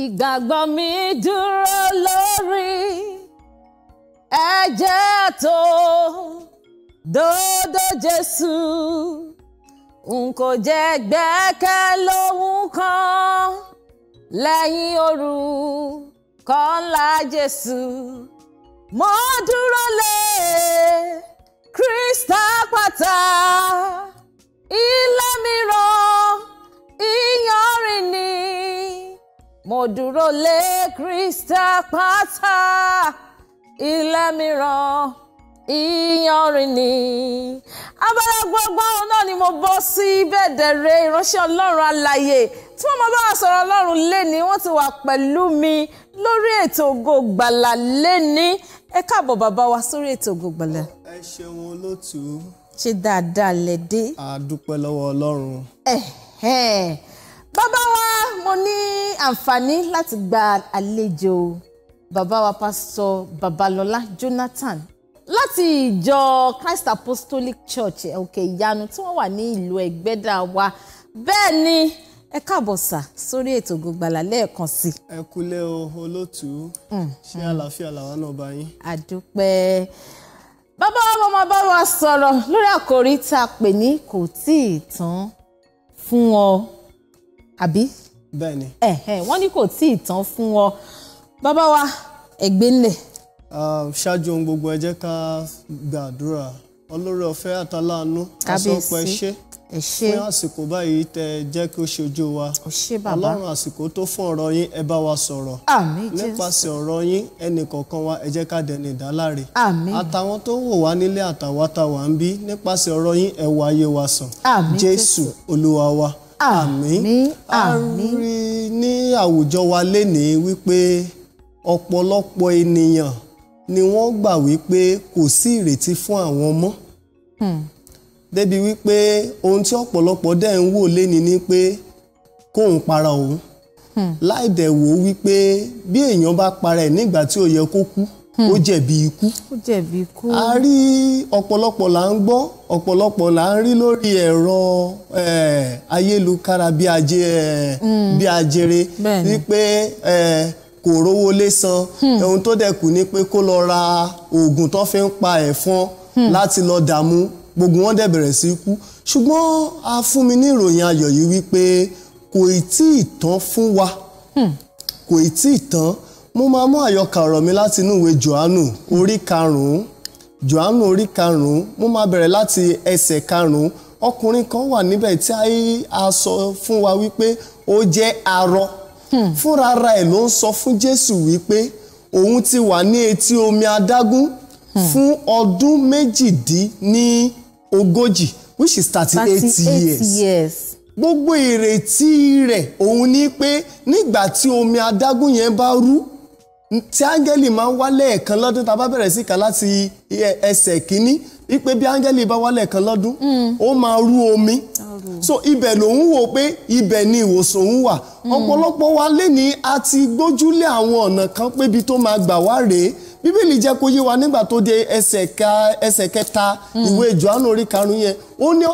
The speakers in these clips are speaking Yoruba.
ìgbàgbọ́ mi dúró lórí ẹ̀jẹ̀ tó dòdò Jésù n kò jẹ́ gbẹ́kẹ̀ lóhun kan lẹ́yìn orúkọ ńlá Jésù mo dúró lé Kristi àpáta. mo dúró lé Crystal pátá ilé mìíràn ìyanrìn ni abala gbogbo náà ni mo bọ́ sí bẹ́ẹ̀dẹ̀rẹ̀ ìránṣẹ́ ọlọ́run alàyè tí wọ́n máa bá wa sọ̀rọ̀ ọlọ́run lẹ́ni wọ́n ti wà pẹ̀lú mi lórí ètò Ògo Ìgbàlà lẹ́ni ẹ káàbọ̀ bàbá wa sórí ètò Ògo Ìgbàlà. ẹ ṣeun olótú. ṣe dáadáa lẹ dé. a dúpẹ́ lọ́wọ́ ọlọ́run. bàbá wa mo ní àǹfààní láti gba àlejò bàbá wa pásítọ̀ Babalọlá Jonathan láti ìjọ Christ Apostolic Church òkè ìyanu tí wọ́n wà ní ìlú Ẹ̀gbẹ́dà wa bẹ́ẹ̀ ni ẹ káàbọ̀ sà sórí ètò Ògo Ìgbàlà lẹ́ẹ̀kan sí. ẹ kúlẹ̀ o olótù mm-hmm. ṣé àlàáfíà làwọn náà bá yín. àdúpẹ́ bàbá wa mo máa bá wa sọ̀rọ̀ lórí àkòrí tá a pè ní kò tí ì tán fún ọ àbí bẹ́ẹ̀ni. wọ́n ní kò tí ì tán fún ọ bàbá wa ẹ̀gbẹ́ ńlẹ̀. ṣáájú ohun gbogbo ẹ jẹ́ ká gbàdúrà ọlọ́rọ̀ ọ̀fẹ́ àtàlánú àsọpọ̀ ẹṣẹ́ fún àsìkò báyìí tẹ jẹ́ kí ó ṣojú wa ọlọ́run àsìkò tó fún ọ̀rọ̀ yín ẹ bá wa sọ̀rọ̀ nípasẹ̀ ọ̀rọ̀ yín ẹnì kọ̀ọ̀kan wa ẹ jẹ́ ká dẹni ìdáláre àtàwọn tó wò wá nílé àtàwátàwà ń bí nípasẹ̀ ọ̀rọ̀ yín ẹ wá wa sàn jésù olúwa wa àmín àmín a rí ní àwùjọ wa lénìí wípé ọ̀pọ̀lọpọ̀ ènìyàn ni wọ́n gbà wípé kò sí ìrètí fún àwọn mọ́ hmm. débi wípé ohun tí ọ̀pọ̀lọpọ̀ dẹ̀ ń wò lénìí ni pé kóun para òun hmm. láì dẹ̀ wò wípé bí èèyàn bá para ẹ̀ nígbà tí ó yẹ kó kú. Hmm Hmm. ó jẹ̀bi ikú ó jẹ̀bi ikú a rí ọ̀pọ̀lọpọ̀ là ń gbọ́ ọ̀pọ̀lọpọ̀ là ń rí lórí ẹ̀rọ ayélukára bí hmm. ajere wípé kò rówó lé san hmm. ohun tó dẹ̀ kù ni pé kó lọ ra oògùn tó fi ń pa ẹ̀fọn láti lọ dààmú gbogbo wọn dẹ̀ bẹ̀rẹ̀ sí kú ṣùgbọ́n a fún mi ní ìròyìn ayọ̀ yìí wípé kò tí ì tán fún wa kò tí ì tán mo máa mú àyọkà ọ̀rọ̀ mi láti inú ìwé johannu orí karùn-ún johannu orí karùn-ún mo máa bẹ̀rẹ̀ láti ẹsẹ̀ karùn-ún ọkùnrin kan wà níbẹ̀ tí a sọ fún wa wípé ó jẹ́ arọ hmm. fúnra ara ẹ̀ ló ń sọ fún jésù wípé òun ti wà ní etí omi adágún hmm. fún ọdún méjìdínlógójì which is thirty eight years. years gbogbo ìrètí rẹ̀ òun ni pé nígbà tí omi adágún yẹn bá rú tí áńgẹ́lì máa ń wá lẹ́ẹ̀kan lọ́dún tá a bá bẹ̀rẹ̀ sí kà láti ẹsẹ̀ kínní wípé bí áńgẹ́lì bá wá lẹ́ẹ̀kan lọ́dún ó máa rú omi so ibẹ̀ lòun wò pé ibẹ̀ ni ìwòsàn òun wà ọ̀pọ̀lọpọ̀ wa lénìí a ti gbójúlé àwọn ọ̀nà kan pébi tó máa gbà wá rèé bíbélì jẹ́ kó yé wa nígbà tó dé ẹsẹ̀ kẹta ìwé Jòhánù orí karùn-ún yẹn ó ní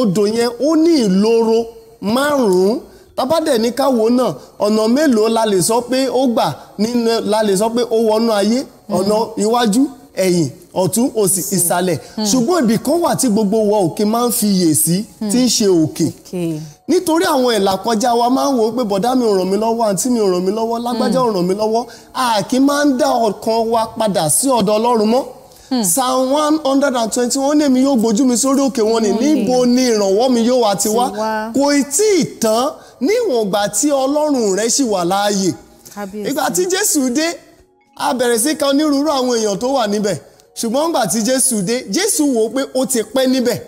odò yẹn ó ní ìloro márùn-ún tábàdẹ̀ ní káwo náà ọ̀nà mélòó la lè sọ pé ó gbà nínú la lè sọ pé ó wọnú ayé ọ̀nà iwájú ẹ̀yìn ọ̀tún òsì ìsàlẹ̀ hmm. ṣùgbọ́n ibì kan wà tí gbogbo wa òkè máa ń fi yè sí hmm. tí ń ṣe òkè nítorí àwọn ìlà kọjá wa máa ń wò ó pé bọ̀dá mi ò ràn mí lọ́wọ́ àǹtí mi ò ràn mí lọ́wọ́ lágbájá hmm. ò ràn mí lọ́wọ́ a kì í máa ń dá ọkàn wa padà sí ọ̀dọ̀ Ọlọ́run mọ́ Hmm. psalm one hundred and twenty one ní èmi yóò gbójú mi sórí òkè wọn ni hmm. níbo ni ìrànwọ́ mi yóò wá ti wá kò tí ì tán níwọ̀n ìgbà tí ọlọ́run rẹ̀ sì wà láàyè ìgbà tí jésù dé a bẹ̀rẹ̀ sí kan onírúurú àwọn èèyàn tó wà níbẹ̀ ṣùgbọ́n ìgbà tí jésù dé jésù wò ó pé ó ti pẹ́ níbẹ̀.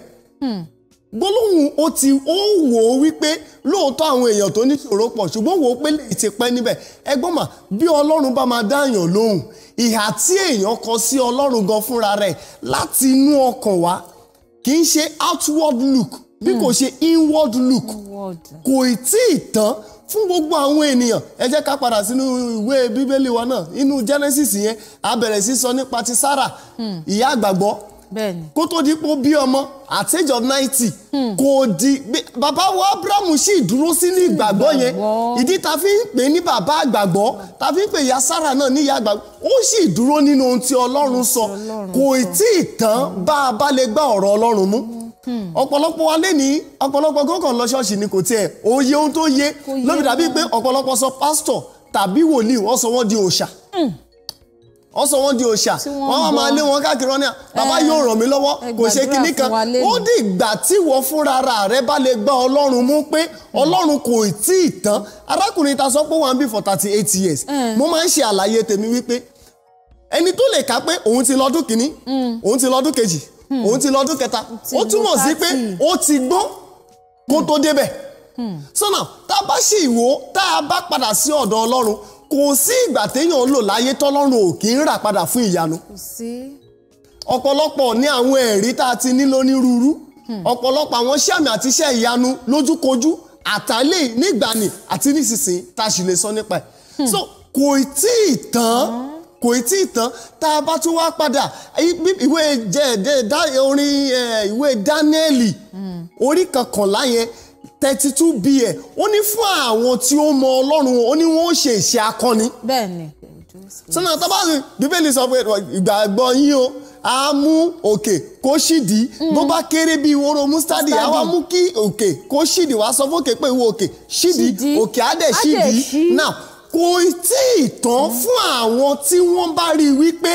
Hmm gbólóhùn ó ti ó wò ó wípé lóòótọ́ àwọn èèyàn tó níṣòro pọ̀ ṣùgbọ́n wò ó pé lè ti pẹ́ níbẹ̀ ẹgbọ́n mà bí ọlọ́run bá máa dáàyàn lóhùn ìhà tí èèyàn kọ sí ọlọ́run gan fúnra rẹ̀ láti inú ọkàn wá kì í ṣe outward look bí kò ṣe inward look kò tí ì tán fún gbogbo àwọn ènìyàn ẹ jẹ́ ká padà sínú ìwé bíbélì wa náà inú Genesis yẹn a bẹ̀rẹ̀ sí sọ nípa ti Sarah hmm. ìyá àgbàgbọ́ kó tó di pé ó bí ọmọ at age of ninety hmm. kò di bàbá wa Abraham, sì dúró sínú ìgbàgbọ́ yẹn ìdí ta fi ń pè ní bàbá àgbàgbọ́ ta fi ń pè ya Sárà náà ní ìyá àgbàgbọ́ ó sì dúró nínú ohun tí Ọlọ́run sọ kò tí ì tán bá a bá lè gbá ọ̀rọ̀ Ọlọ́run mú hmm. ọ̀pọ̀lọpọ̀ wa lé ní ọ̀pọ̀lọpọ̀ gọ́gàn lọ ni kò tiẹ̀ òye ohun tó yé lóbi dàbí pé ọ̀pọ̀lọpọ̀ sọ pásítọ̀ tàbí wòlíì wọ́n sọ wọ́n di òòṣà. Hmm wọ́n sọ wọ́n di òòṣà wọ́n máa lé wọn káàkiri wọn ní à bàbá yóò ràn mí lọ́wọ́ kò ṣe kinní kan ó di ìgbà tí wọ́n fúnra rẹ bá lè gbá ọlọ́run mú pé mm. ọlọ́run kò tí ì tán arákùnrin ta sọ pé wọ́n á for thirty eight years mm. mo máa ń ṣe àlàyé tèmi wípé ẹni tó lè ká pé òun ti lọ́dún kìíní mm. òun ti lọ́dún kejì òun ti lọ́dún kẹta ó túmọ̀ sí pé ó ti gbó kó tó débẹ̀ sọ́nà tá a bá ṣì wò tá a bá padà sí ọ̀dọ̀ ọlọ́run kò sí ìgbà téèyàn ń lò láyé tọ́lọ́run ò kì í rà padà fún ìyanu ọ̀pọ̀lọpọ̀ ní àwọn ẹ̀rí tá a ti ní lónírúurú hmm. ọ̀pọ̀lọpọ̀ àwọn iṣẹ́ àmì àti iṣẹ́ ìyanu lójúkojú àtàlẹ́ nígbàanì àti nísinsìnyí tá a sì lè sọ nípa ẹ̀ hmm. so kò tí ì tán hmm. kò tí ì tán tá a bá tún wá padà ìwé jẹ́ orin ìwé Dáníẹ́lì orí kankanlá yẹn thirty two bíẹ̀ ó ní fún àwọn tí ó mọ ọlọ́run ó ní wọ́n ó ṣe ìṣe akọni. bẹ́ẹ̀ni. sọ́nà tábàlì bíbélì sọ pé ìgbàgbọ́ yín o a mú òkè kó ṣìdí mm. bó bá kéré bí ìwóró mustadi a wá mú kí òkè kó ṣìdí wá sọ fún òkè pé ìwọ òkè ṣìdí òkè á dẹ̀ ṣìdí now kò tí ì tán fún àwọn tí wọ́n bá rí i wípé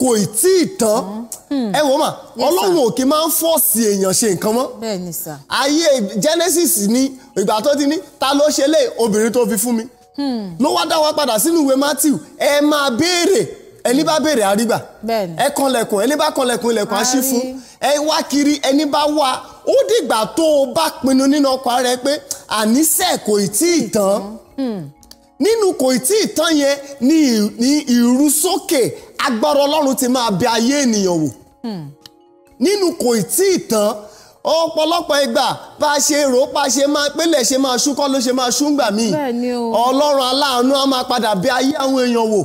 kò ì tí ì tán hmm. Hmm. ẹ wò mà ọlọ́run òkè máa ń fọ́ọ̀sì èèyàn ṣe nǹkan mọ́ ayé Genesis ni ìgbà tó ti ní ta ló ṣe lé obìnrin tó fi fún mi hmm. ló wá dá wa padà sínú ìwé Matthew ẹ máa béèrè ẹni bá béèrè àrígbà ẹ kanlẹ̀kùn ẹni bá kanlẹ̀kùn ilẹ̀kùn á fún ẹ wá kiri ẹni bá wá ó dìgbà tó o bá pinnu nínú ọkọ̀ rẹ pé àníṣe kò tí ì tán nínú kò tí ì tán yẹn ní ìrúsókè agbára ọlọ́run ti máa bẹ ayé ènìyàn wò hmm. nínú kò tí ì tán ọ̀pọ̀lọpọ̀ ìgbà bá a ṣe rò bá a ṣe máa pélé ṣe máa ṣú kọ́ ló ṣe máa ṣú ńgbà míì ọlọ́run aláàánú á máa padà bẹ ayé àwọn èèyàn wò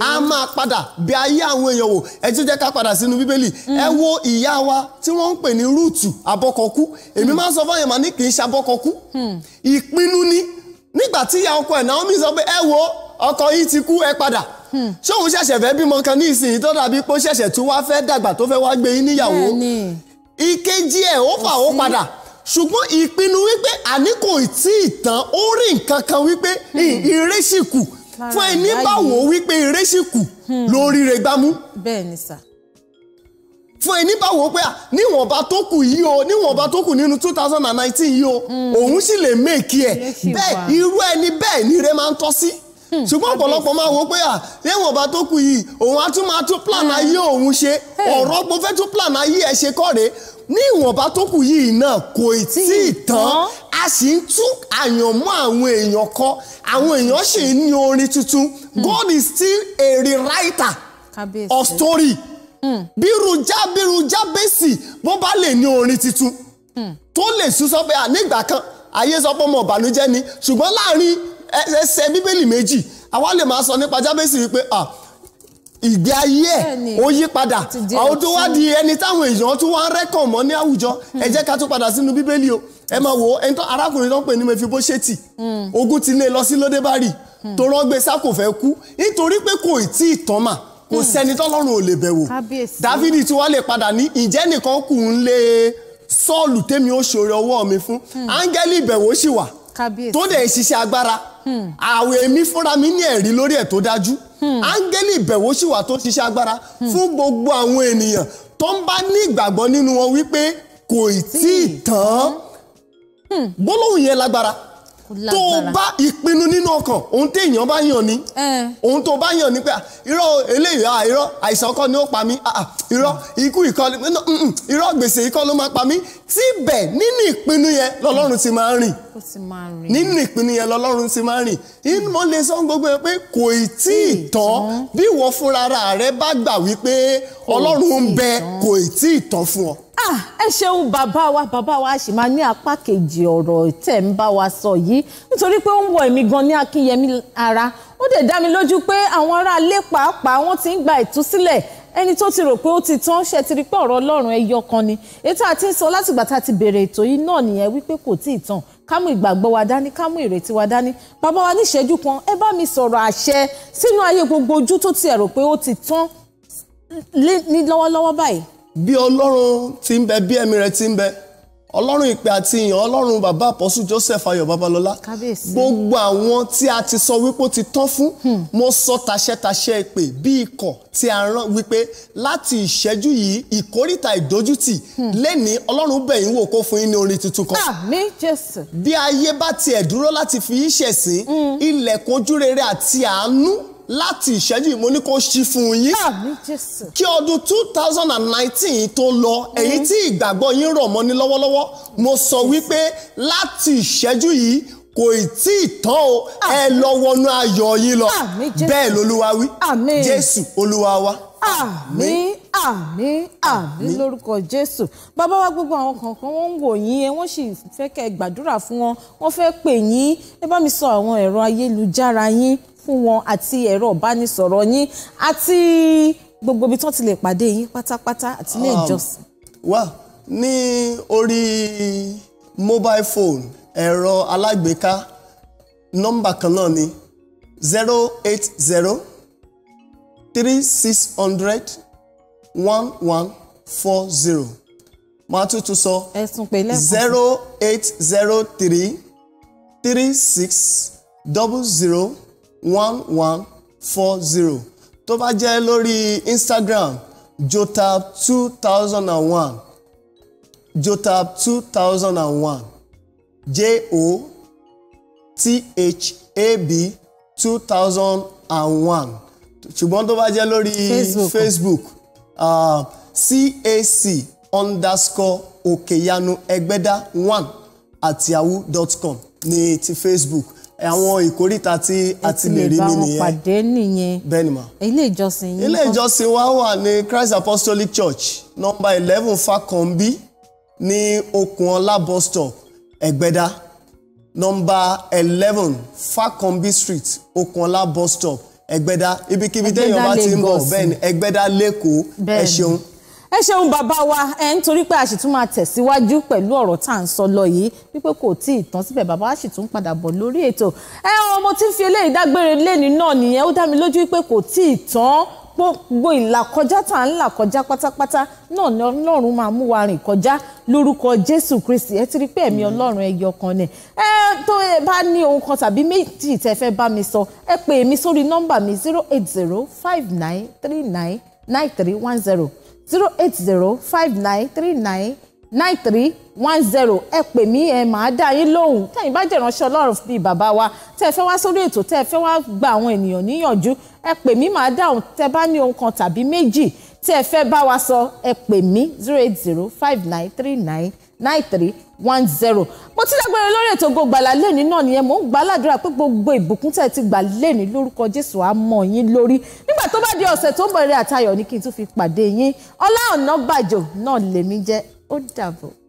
á máa padà bẹ ayé àwọn èèyàn wò ẹ tún jẹ́ ká padà sínú bíbélì hmm. ẹ wo ìyá wa tí wọ́n ń pè ní rúùtù abọ́kọ̀kú èmi hmm. máa ń sọ fún àyànmá ní kì í ṣe abọ́kọ̀kú ìpinnu ni. Hmm nígbà tí ìyá ọkọ ẹ̀ Naomi sọ pé ẹ wo ọkọ yìí ti kú ẹ padà hmm. ṣé òun ṣẹ̀ṣẹ̀ fẹ́ bímọ kan ní ìsìn tó dàbí pé ó ṣẹ̀ṣẹ̀ tún wá fẹ́ dàgbà tó fẹ́ wá gbé yín níyàwó ìkejì ẹ̀ ó fà ó padà ṣùgbọ́n ìpinnu wípé àní kò tí ì tán ó rí nǹkan kan wípé ìré hmm. sì fún ẹni bá wípé ìré lórí rẹ̀ gbámú. bẹ́ẹ̀ ni fún ẹni bá wò ó pé níwọ̀nba tó kù yìí o níwọ̀nba tó kù nínú two thousand and nineteen yìí o hmm. òun sì lè méèkì ẹ̀ e. bẹ́ẹ̀ irú ẹni bẹ́ẹ̀ ni rẹ máa ń tọ́ sí hmm. ṣùgbọ́n ọ̀pọ̀lọpọ̀ máa wò ó pé níwọ̀nba tó kù yìí òun á tún máa tún plan hmm. ayé òun ṣe ọ̀rọ̀ mo fẹ́ tún plan ayé ẹ̀ ṣe kọ́ rèé ní ìwọ̀nba tó kù yìí náà kò tí ì tán a sì ń tú àyànmọ́ àwọn èèyàn kọ àwọn èèyàn sì ń ní orin tuntun God is still a rewriter of story. Hmm. bírújá bírújá bẹ́sì bó bá lè ní orin tuntun hmm. tó lè sísọ pé nígbà kan ayé sọ pé ọmọ ìbànújẹ́ ni ṣùgbọ́n láàrin ẹsẹ̀ bíbélì méjì àwa lè máa sọ nípa jábẹ́sì wípé ìgbé ayé ẹ̀ ó yí padà àwọn tó wá di ẹni táwọn èèyàn tún wá ń rẹ́kàn mọ́ ní àwùjọ ẹ hmm. jẹ́ ká tún padà sínú bíbélì o ẹ máa wò ó ẹni tó arákùnrin tó ń pè ní Mẹfibóṣẹ́tì ogun ti lé lọ sí lódébárì tó rọ́gbé sá kò fẹ́ kú nítorí pé kò tí ì tán mà kò sẹ́ni tọ́lọ́run ò lè bẹ̀wò Dáfídì tí wọ́n lè padà ní ìjẹ́ nìkan kù ń lé Sọ́ọ̀lù tèmi ó ṣòro ọwọ́ mi fún hmm. áńgẹ́lì ìbẹ̀wò sì wà tó dẹ̀ ṣiṣẹ́ agbára hmm. àwẹ̀ èmi fúnra mi ní ẹ̀rí lórí ẹ̀ tó dájú hmm. áńgẹ́lì ìbẹ̀wò sì wà tó ṣiṣẹ́ agbára fún gbogbo àwọn ènìyàn tó ń bá ní ìgbàgbọ́ nínú wọn wípé kò tí ì tán gbólóhùn yẹn lágbára tó bá ìpinnu nínú ọkàn ohun téèyàn bá yàn ni ohun tó bá yàn ni pé irọ́ eléyìí à irọ́ àìsàn kọ́ ni ó pa mí irọ́ ikú ìkọlù mm, mm, irọ́ gbèsè ikọ́ ló máa pa mí síbẹ̀ nínú ìpinnu yẹn lọ́lọ́run ti máa ń rìn nínú ìpinnu yẹn lọ́lọ́run ti máa ń rìn inú mo lè sọ gbogbo ẹ pé kò ì tí ì tán bí ìwọ fúnra rẹ bá gbà wípé ọlọ́run ń bẹ kò ì tí ì tán fún ọ. ẹ ṣeun bàbá wa bàbá wa sì máa ní apá kejì ọ̀rọ̀ tẹ̀ ń bá wa sọ yìí nítorí pé ó ń wọ èmi gan ní akínyẹmí ara ó dẹ̀ dá mi lójú pé àwọn aráalé pàápàá wọ́n ti ń gba ìtúsílẹ̀ ẹni tó ti rò pé ó ti tán ṣe ti rí pé ọ̀rọ̀ ọlọ́run ẹyọ kan ni ètò àti sọ látìgbà tá a ti bẹ̀rẹ̀ ètò yìí náà nìyẹn wípé kò tí ì tán kámú ìgbàgbọ́ wa dání kámú ìrètí wa dání bàbá wa níṣẹ́jú kan ẹ bá mi sọ̀rọ̀ àṣẹ sínú ayé gbogbo ojú tó ti rò pé ó ti tán ní lọ́wọ́lọ́wọ́ báyìí. bí ọlọ́run ti ń bẹ bí ẹ̀mí rẹ̀ ti ń bẹ ọlọ́run ìpè àti ìyàn ọlọ́run bàbá àpọ́sù joseph ayọ̀ babalọ́lá gbogbo àwọn tí a ti sọ wípé ó ti tán fún hmm. mo sọ tàṣẹtàṣẹ ìpè bí ikọ̀ tí a rán wípé láti ìṣẹ́jú yìí ìkórìtà ìdójútì hmm. lẹ́ni ọlọ́run bẹ̀yìn wò kó fún yín ní orin tuntun kan. àmín jésù. bí ayé bá tiẹ̀ dúró láti fi yín ṣẹ̀sín hmm. ilẹ̀kùn ojúrere àti àánú láti ìṣẹ́jú mo ní kó ṣí fún yín. àmín jésù. kí ọdún two thousand and nineteen tó lọ èyí mm-hmm. tí ìgbàgbọ́ yín rọ̀ mọ́ ní lọ́wọ́lọ́wọ́ mo sọ wípé láti ìṣẹ́jú yìí kò tí ì tán o ẹ lọ wọnú ayọ̀ yín lọ bẹ́ẹ̀ lolúwa wí jésù olúwa wa. àmín àmín àmín lórúkọ jésù bàbá wa gbogbo àwọn kankan wọn ń wò yín ẹ wọn sì fẹ́ kẹ́ gbàdúrà fún wọn wọn fẹ́ pè yín ẹ bá mi sọ àwọn ẹ̀rọ ayélujára yín fún wọn àti ẹ̀rọ ìbánisọ̀rọ̀ yín àti gbogbo ibi tí wọ́n ti lè pàdé yín pátápátá àti ilé um, ìjọsìn. wá ní orí mobile phone ẹ̀rọ alágbèéká nọ́mbà kan náà ni zero eight zero three six hundred one one four zero màá tuntun sọ zero eight zero three three six double zero one one four zero tó bá jẹ́ lórí Instagram jotab two thousand and one jotab two thousand and one j o t h a b two thousand and one ṣùgbọ́n tó bá jẹ́ lórí Facebook, Facebook uh, cac underscore okeyanu ẹgbẹ́dá one at yahoo dot com ní ti Facebook àwọn ìkóríta tí a ti lè rí mi nìyẹn. pàdé nìyẹn. bẹ́ẹ̀ni ma. ilé ìjọsìn yìí. ilé ìjọsìn wa wà ní Christ Apostolic Church nọ́mbà eleven Fakanbi ní Okunola bus stop Ẹ̀gbẹ́dá nọ́mbà eleven Fakanbi street Okunola bus stop Ẹ̀gbẹ́dá ibikíbi téèyàn bá ti ń bọ̀ bẹ́ẹ̀ni Ẹ̀gbẹ́dá lẹ́kọ̀ọ́ ẹ ṣeun ẹ ṣeun bàbá wa ẹ ń torí pé a sì tún máa tẹ̀síwájú pẹ̀lú ọ̀rọ̀ tá à ń sọ lọ yìí wípé kò tí ì tán síbẹ̀ bàbá wa sì tún padà bọ̀ lórí ètò ẹ ọmọ tí ń fi eléyìí dágbére lẹ́ni náà nìyẹn ó dá mi lójú wípé kò tí ì tán gbogbo ìlàkọjá tá à ń là kọjá pátápátá náà ni ọlọ́run máa mú wa rìn kọjá lórúkọ jésù kristi ẹ ti rí pé ẹ̀mí ọlọ́run ẹyọ kan ni ẹ tó ẹ bá ní ohun kan tàbí méjì tẹ fẹ́ bá mi sọ ẹ pè mí sórí nọ́mbà mi zero eight zero five nine three nine nine three one zero zero eight zero five nine three nine nine three one zero ẹ pè mí ẹ màá dá yín lóhùn tẹ̀yin bá jẹ̀ránṣẹ́ ọlọ́run bíi bàbá wa tẹ́ ẹ fẹ́ wá sórí ètò tẹ́ ẹ fẹ́ wá gba àwọn ènìyàn níyànjú ẹ pè mí màá dáhùn tẹ́ bá ní ohun kan tàbí méjì tí ẹ fẹ́ bá wa sọ ẹ pè mí zero eight zero five nine three nine nine three one zero mo ti dágbére lórí ètò Ògo Ìgbàlà lẹ́ni náà nìyẹn mo ń gbà ládùúrà pé gbogbo ìbùkún tẹ̀ ti gbà lẹ́ni lórúkọ Jésù á mọ́ yín lórí nígbà tó bá di ọ̀sẹ̀ tó ń bọ̀ eré àtayọ̀ ni kí n tún fi pàdé yín Ọlá Ọ̀nàbàjò náà lèmi jẹ́ ó dàbọ̀.